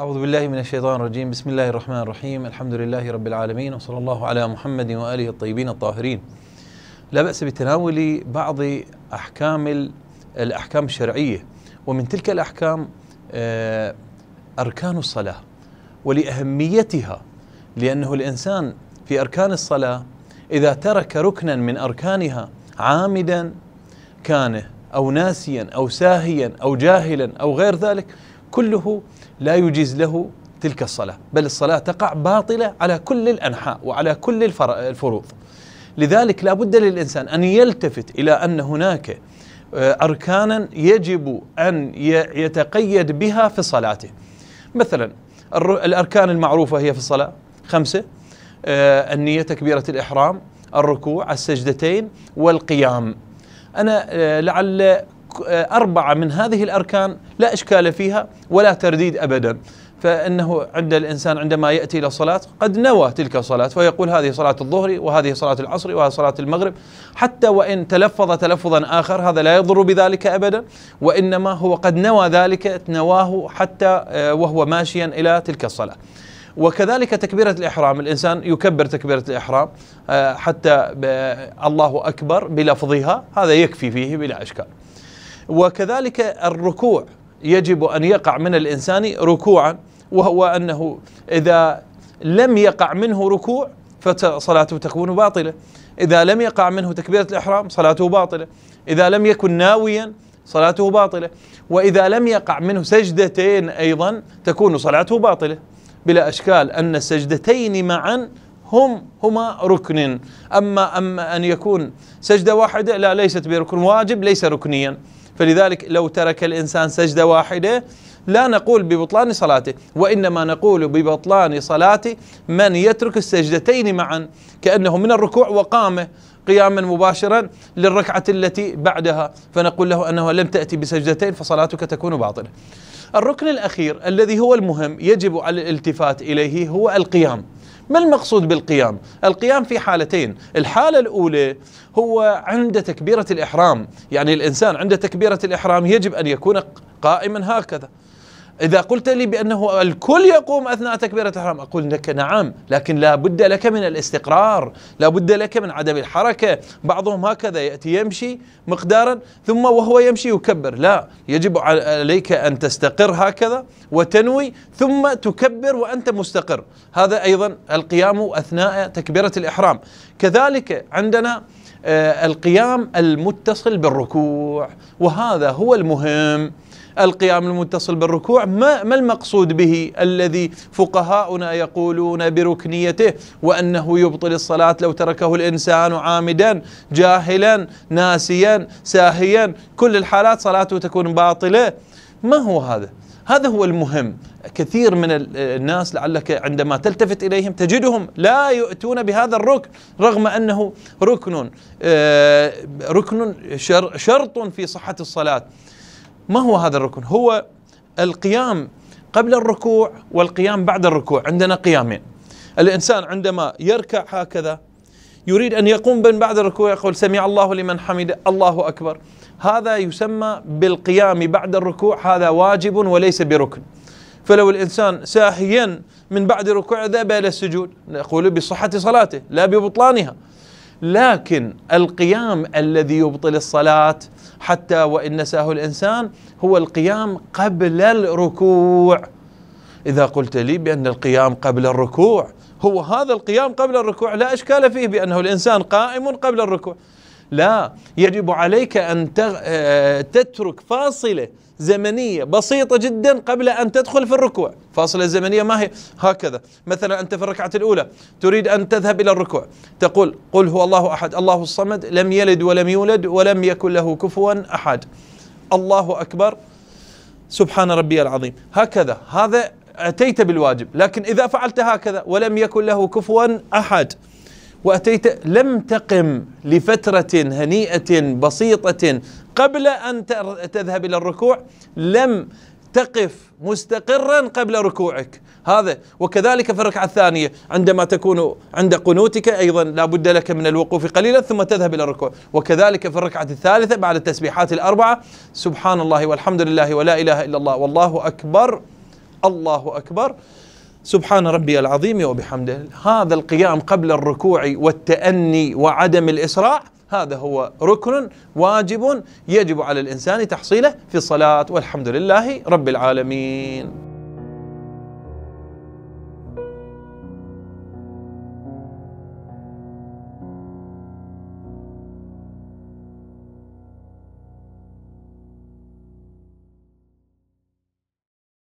أعوذ بالله من الشيطان الرجيم بسم الله الرحمن الرحيم الحمد لله رب العالمين وصلى الله على محمد وآله الطيبين الطاهرين لا بأس بتناول بعض أحكام الأحكام الشرعية ومن تلك الأحكام آه، أركان الصلاة ولأهميتها لأنه الإنسان في أركان الصلاة إذا ترك ركنا من أركانها عامدا كان أو ناسيا أو ساهيا أو جاهلا أو غير ذلك كله لا يجيز له تلك الصلاة بل الصلاة تقع باطلة على كل الأنحاء وعلى كل الفروض لذلك لا بد للإنسان أن يلتفت إلى أن هناك آه، أركانا يجب أن يتقيد بها في صلاته مثلا الأركان المعروفة هي في الصلاة خمسة آه، النية تكبيرة الإحرام الركوع السجدتين والقيام أنا آه، لعل آه، أربعة من هذه الأركان لا إشكال فيها ولا ترديد أبدا فإنه عند الإنسان عندما يأتي إلى الصلاة قد نوى تلك الصلاة فيقول هذه صلاة الظهر وهذه صلاة العصر وهذه صلاة المغرب حتى وإن تلفظ تلفظا آخر هذا لا يضر بذلك أبدا وإنما هو قد نوى ذلك نواه حتى آه، وهو ماشيا إلى تلك الصلاة وكذلك تكبيرة الإحرام الإنسان يكبر تكبيرة الإحرام آه، حتى الله أكبر بلفظها هذا يكفي فيه بلا إشكال وكذلك الركوع يجب ان يقع من الانسان ركوعا وهو انه اذا لم يقع منه ركوع فصلاته تكون باطله اذا لم يقع منه تكبيره الاحرام صلاته باطله اذا لم يكن ناويا صلاته باطله واذا لم يقع منه سجدتين ايضا تكون صلاته باطله بلا اشكال ان السجدتين معا هم هما ركن أما أما أن يكون سجدة واحدة لا ليست بركن واجب ليس ركنيا فلذلك لو ترك الإنسان سجدة واحدة لا نقول ببطلان صلاته وإنما نقول ببطلان صلاة من يترك السجدتين معا كأنه من الركوع وقامه قياما مباشرا للركعة التي بعدها فنقول له أنه لم تأتي بسجدتين فصلاتك تكون باطلة الركن الأخير الذي هو المهم يجب على الالتفات إليه هو القيام ما المقصود بالقيام القيام في حالتين الحالة الأولى هو عند تكبيرة الإحرام يعني الإنسان عند تكبيرة الإحرام يجب أن يكون قائما هكذا إذا قلت لي بأنه الكل يقوم أثناء تكبيرة الإحرام أقول لك نعم لكن لا بد لك من الاستقرار لا بد لك من عدم الحركة بعضهم هكذا يأتي يمشي مقدارا ثم وهو يمشي يكبر لا يجب عليك أن تستقر هكذا وتنوي ثم تكبر وأنت مستقر هذا أيضا القيام أثناء تكبيرة الإحرام كذلك عندنا آه، القيام المتصل بالركوع وهذا هو المهم القيام المتصل بالركوع ما, ما المقصود به الذي فقهاؤنا يقولون بركنيته وأنه يبطل الصلاة لو تركه الإنسان عامدا جاهلا ناسيا ساهيا كل الحالات صلاته تكون باطلة ما هو هذا هذا هو المهم كثير من الناس لعلك عندما تلتفت اليهم تجدهم لا يؤتون بهذا الركن رغم انه ركن آه، ركن شرط في صحه الصلاه ما هو هذا الركن هو القيام قبل الركوع والقيام بعد الركوع عندنا قيامين الانسان عندما يركع هكذا يريد أن يقوم من بعد الركوع يقول سمع الله لمن حمده الله أكبر هذا يسمى بالقيام بعد الركوع هذا واجب وليس بركن فلو الإنسان ساهيا من بعد ركوع ذهب إلى السجود نقول بصحة صلاته لا ببطلانها لكن القيام الذي يبطل الصلاة حتى وإن نساه الإنسان هو القيام قبل الركوع إذا قلت لي بأن القيام قبل الركوع هو هذا القيام قبل الركوع لا اشكال فيه بانه الانسان قائم قبل الركوع لا يجب عليك ان آه، تترك فاصله زمنيه بسيطه جدا قبل ان تدخل في الركوع، فاصله زمنيه ما هي؟ هكذا، مثلا انت في الركعه الاولى تريد ان تذهب الى الركوع، تقول قل هو الله احد، الله الصمد، لم يلد ولم يولد ولم يكن له كفوا احد. الله اكبر سبحان ربي العظيم، هكذا هذا أتيت بالواجب لكن إذا فعلت هكذا ولم يكن له كفوا أحد وأتيت لم تقم لفترة هنيئة بسيطة قبل أن تذهب إلى الركوع لم تقف مستقرا قبل ركوعك هذا وكذلك في الركعة الثانية عندما تكون عند قنوتك أيضا لا بد لك من الوقوف قليلا ثم تذهب إلى الركوع وكذلك في الركعة الثالثة بعد التسبيحات الأربعة سبحان الله والحمد لله ولا إله إلا الله والله أكبر الله أكبر سبحان ربي العظيم وبحمده هذا القيام قبل الركوع والتأني وعدم الإسراع هذا هو ركن واجب يجب على الإنسان تحصيله في الصلاة والحمد لله رب العالمين